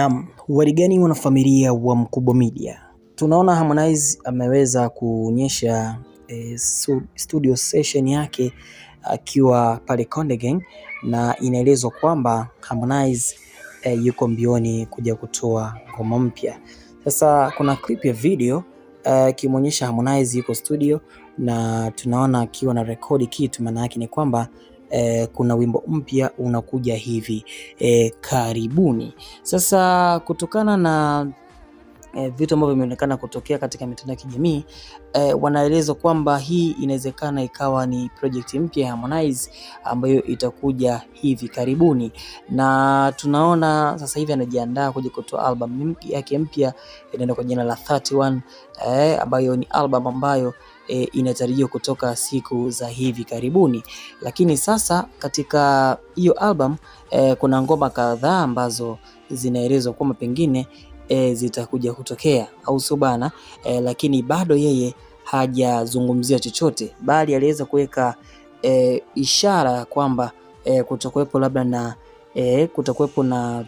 Naam, warigani wanafamilia wa Mkubwa Media, tunaona Harmonize ameweza kuonyesha e, studio session yake akiwa pale Konde Gang, na inaelezwa kwamba Harmonize e, yuko mbioni kuja kutoa ngoma mpya. Sasa kuna clip ya video eh, ikimwonyesha e, Harmonize yuko studio na tunaona akiwa na rekodi kitu, maana yake ni kwamba eh, kuna wimbo mpya unakuja hivi eh, karibuni. Sasa kutokana na eh, vitu ambavyo vimeonekana kutokea katika mitandao ya kijamii eh, wanaelezwa kwamba hii inawezekana ikawa ni project mpya ya Harmonize ambayo itakuja hivi karibuni, na tunaona sasa hivi anajiandaa kuja kutoa album yake mpya inaenda kwa jina la 31 eh, ambayo ni album ambayo e, inatarajiwa kutoka siku za hivi karibuni, lakini sasa katika hiyo album e, kuna ngoma kadhaa ambazo zinaelezwa kwamba pengine e, zitakuja kutokea au sio bana e, lakini bado yeye hajazungumzia chochote, bali aliweza kuweka e, ishara ya kwamba e, kutakuwepo labda na e, kutakuwepo na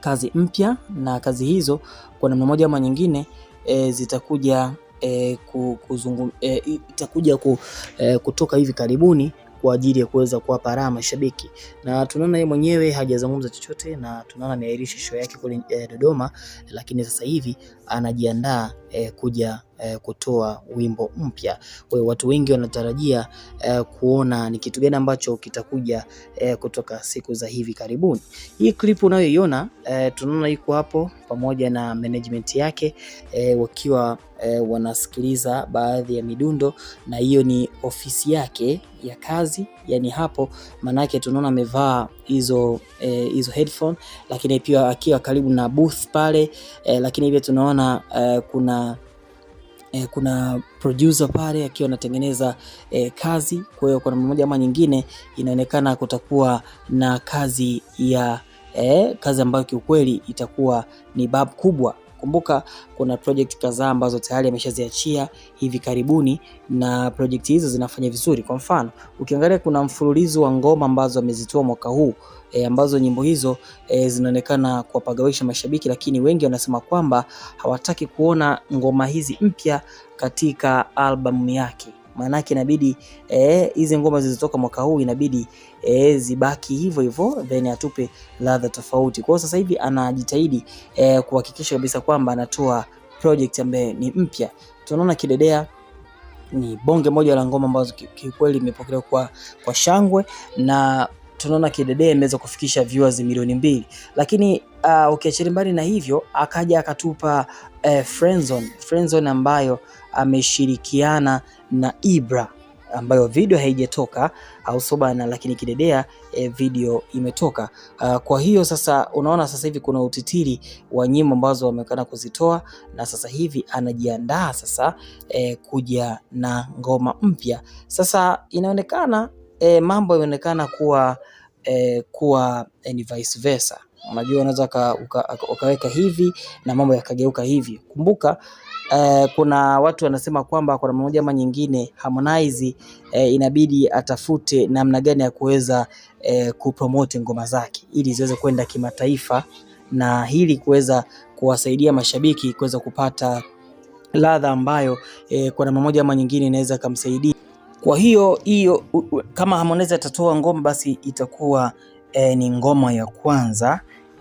kazi mpya na kazi hizo kwa namna moja ama nyingine e, zitakuja e, eh, kuzungum, eh, itakuja ku, e, kutoka hivi karibuni kwa ajili ya kuweza kuwapa raha mashabiki, na tunaona yeye mwenyewe hajazungumza chochote, na tunaona ameahirisha show yake kule e, Dodoma, lakini sasa hivi anajiandaa e, kuja eh, kutoa wimbo mpya. Kwa hiyo watu wengi wanatarajia eh, kuona ni kitu gani ambacho kitakuja eh, kutoka siku za hivi karibuni. Hii clip unayoiona eh, tunaona iko hapo pamoja na management yake eh, wakiwa eh, wanasikiliza baadhi ya midundo, na hiyo ni ofisi yake ya kazi, yani hapo manake tunaona amevaa hizo eh, hizo headphone, lakini pia akiwa karibu na booth pale eh, lakini pia tunaona eh, kuna eh, kuna producer pale akiwa anatengeneza eh, kazi. Kwa hiyo kwa namna moja ama nyingine inaonekana kutakuwa na kazi ya eh, kazi ambayo kiukweli itakuwa ni bab kubwa. Kumbuka kuna project kadhaa ambazo tayari ameshaziachia hivi karibuni na project hizo zinafanya vizuri. Kwa mfano, ukiangalia kuna mfululizo wa ngoma ambazo amezitoa mwaka huu e, ambazo nyimbo hizo e, zinaonekana kuwapagawisha mashabiki, lakini wengi wanasema kwamba hawataki kuona ngoma hizi mpya katika albamu yake maanake inabidi eh, hizi e, ngoma zilizotoka mwaka huu inabidi e, zibaki hivyo hivyo, then atupe ladha tofauti. Kwa hiyo sasa hivi anajitahidi e, kuhakikisha kabisa kwamba anatoa project ambayo ni mpya. Tunaona Kidedea ni bonge moja la ngoma ambazo kiukweli imepokelewa kwa, kwa shangwe na tunaona kidedea imeweza kufikisha viewers milioni mbili, lakini uh, ukiachilia mbali na hivyo akaja akatupa uh, friendzone friendzone ambayo ameshirikiana na Ibra ambayo video haijatoka au lakini kidedea e, eh, video imetoka. Uh, kwa hiyo sasa unaona sasa hivi kuna utitiri wa nyimbo ambazo wamekana kuzitoa na sasa hivi anajiandaa sasa e, kuja na ngoma mpya. Sasa inaonekana e, mambo yanaonekana kuwa e, kuwa e, ni vice versa. Unajua, unaweza ukaweka hivi na mambo yakageuka hivi. Kumbuka e, kuna watu wanasema kwamba kwa namna moja ama nyingine Harmonize e, inabidi atafute namna gani ya kuweza e, kupromote ngoma zake ili ziweze kwenda kimataifa na hili kuweza kuwasaidia mashabiki kuweza kupata ladha ambayo e, kwa namna moja ama nyingine inaweza kumsaidia kwa hiyo hiyo kama Harmonize atatoa ngoma basi itakuwa e, ni ngoma ya kwanza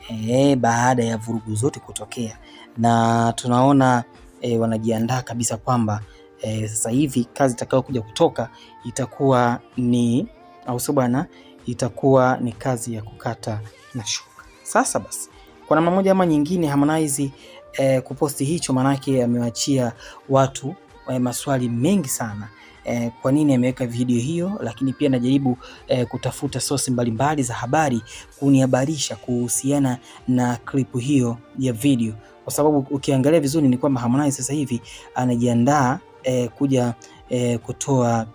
e, baada ya vurugu zote kutokea, na tunaona e, wanajiandaa kabisa kwamba e, sasa hivi kazi itakayokuja kutoka itakuwa ni au sio bwana, itakuwa ni kazi ya kukata na shuka. Sasa basi kwa namna moja ama nyingine Harmonize e, kuposti hicho, maanake amewachia watu e, maswali mengi sana eh, kwa nini ameweka video hiyo, lakini pia najaribu eh, kutafuta sosi mbalimbali za habari kunihabarisha kuhusiana na klipu hiyo ya video, kwa sababu ukiangalia vizuri ni kwamba Harmonize sasa hivi anajiandaa eh, kuja eh, kutoa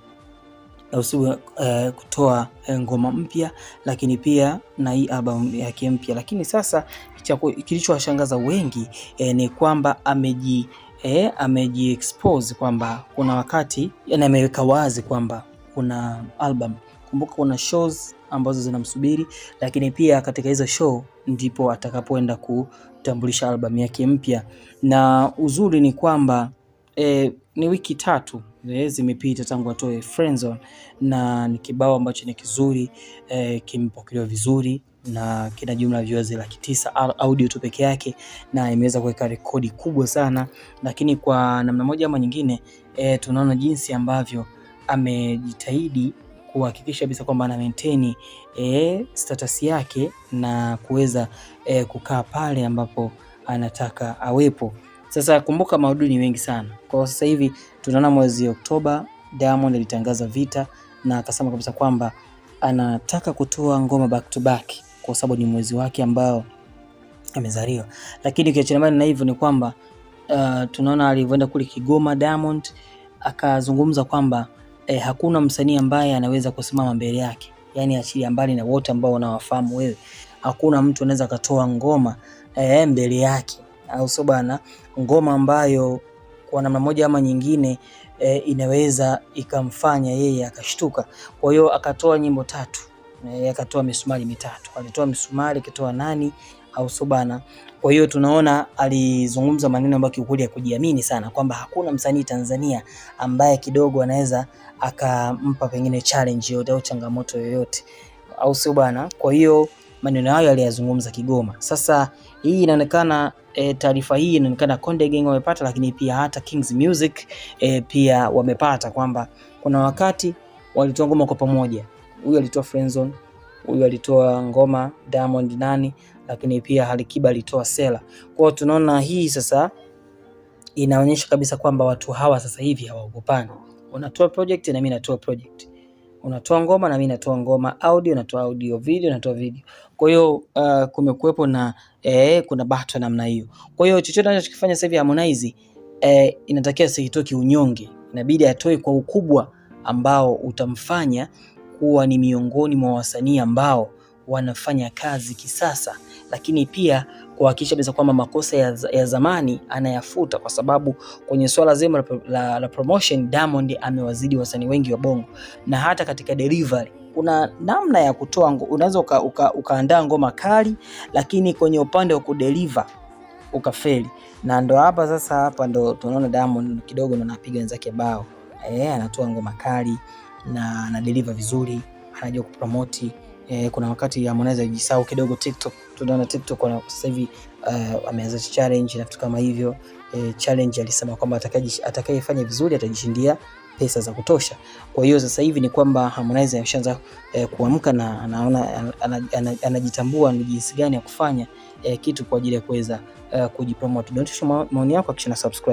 usiwe uh, kutoa eh, ngoma mpya lakini pia na hii album yake mpya. Lakini sasa kilichowashangaza wengi eh, ni kwamba ameji e, amejiexpose kwamba kuna wakati yani ameweka wazi kwamba kuna album. Kumbuka kuna shows ambazo zinamsubiri, lakini pia katika hizo show ndipo atakapoenda kutambulisha albamu yake mpya, na uzuri ni kwamba e, ni wiki tatu e, zimepita tangu atoe Friendzone na ni kibao ambacho ni kizuri e, kimepokelewa vizuri na kina jumla viewers laki tisa audio tu peke yake, na imeweza kuweka rekodi kubwa sana. Lakini kwa namna moja ama nyingine e, tunaona jinsi ambavyo amejitahidi kuhakikisha kabisa kwamba ana maintain e, status yake na kuweza e, kukaa pale ambapo anataka awepo. Sasa kumbuka, maudhui ni wengi sana. Kwa sasa hivi tunaona mwezi Oktoba Diamond alitangaza vita na akasema kabisa kwamba anataka kutoa ngoma back to back kwa sababu ni mwezi wake ambao amezaliwa. Lakini kiachana mbali na hivyo, ni kwamba uh, tunaona alivyoenda kule Kigoma Diamond akazungumza kwamba eh, hakuna msanii ambaye anaweza kusimama mbele yake, yani achilia mbali na wote ambao unawafahamu wewe, hakuna mtu anaweza akatoa ngoma eh, mbele yake, au sio bana? Ngoma ambayo kwa namna moja ama nyingine eh, inaweza ikamfanya yeye akashtuka. Kwa hiyo akatoa nyimbo tatu e, eh, akatoa misumari mitatu, alitoa misumari akitoa nani au subana. Kwa hiyo tunaona alizungumza maneno ambayo kiukweli ya kujiamini sana, kwamba hakuna msanii Tanzania ambaye kidogo anaweza akampa pengine challenge yoyote au changamoto yoyote, au sio bana? Kwa hiyo maneno hayo aliyazungumza Kigoma. Sasa hii inaonekana e, taarifa hii inaonekana Konde Gang wamepata, lakini pia hata Kings Music e, pia wamepata kwamba kuna wakati walitoa ngoma kwa pamoja huyu alitoa friendzone, huyu alitoa ngoma Diamond nani, lakini pia Alikiba alitoa Sela. Kwa tunaona hii sasa inaonyesha kabisa kwamba watu hawa sasa hivi hawaogopani. Unatoa project na mimi natoa project, unatoa ngoma na mimi natoa ngoma, audio natoa audio, video natoa video. Kwa hiyo uh, kumekuwepo na eh, kuna bahati namna hiyo. Kwa hiyo chochote anachokifanya sasa hivi Harmonize eh, inatakiwa asitoe unyonge, inabidi atoe kwa ukubwa ambao utamfanya kuwa ni miongoni mwa wasanii ambao wanafanya kazi kisasa, lakini pia kuhakikisha kabisa kwamba makosa ya, ya zamani anayafuta, kwa sababu kwenye swala zima la, la, la promotion Diamond amewazidi wasanii wengi wa Bongo na hata katika delivery kuna namna ya kutoa, unaweza uka, uka, ukaandaa ngoma kali, lakini kwenye upande wa kudeliver ukafeli, na ndo hapa sasa, hapa ndo tunaona Diamond kidogo ndo anapiga wenzake bao eh, anatoa ngoma kali na ana deliver vizuri, anajua kupromoti E, eh, kuna wakati Harmonize ajisahau kidogo TikTok. Tunaona TikTok kwa sasa hivi uh, ameanza challenge na vitu kama hivyo. E, challenge alisema kwamba atakayefanya vizuri atajishindia pesa za kutosha. Kwa hiyo sasa hivi ni kwamba Harmonize ameshaanza e, kuamka na anaona anajitambua ni jinsi gani ya kufanya e, kitu kwa ajili ya kuweza uh, kujipromote. show maoni yako kisha na subscribe.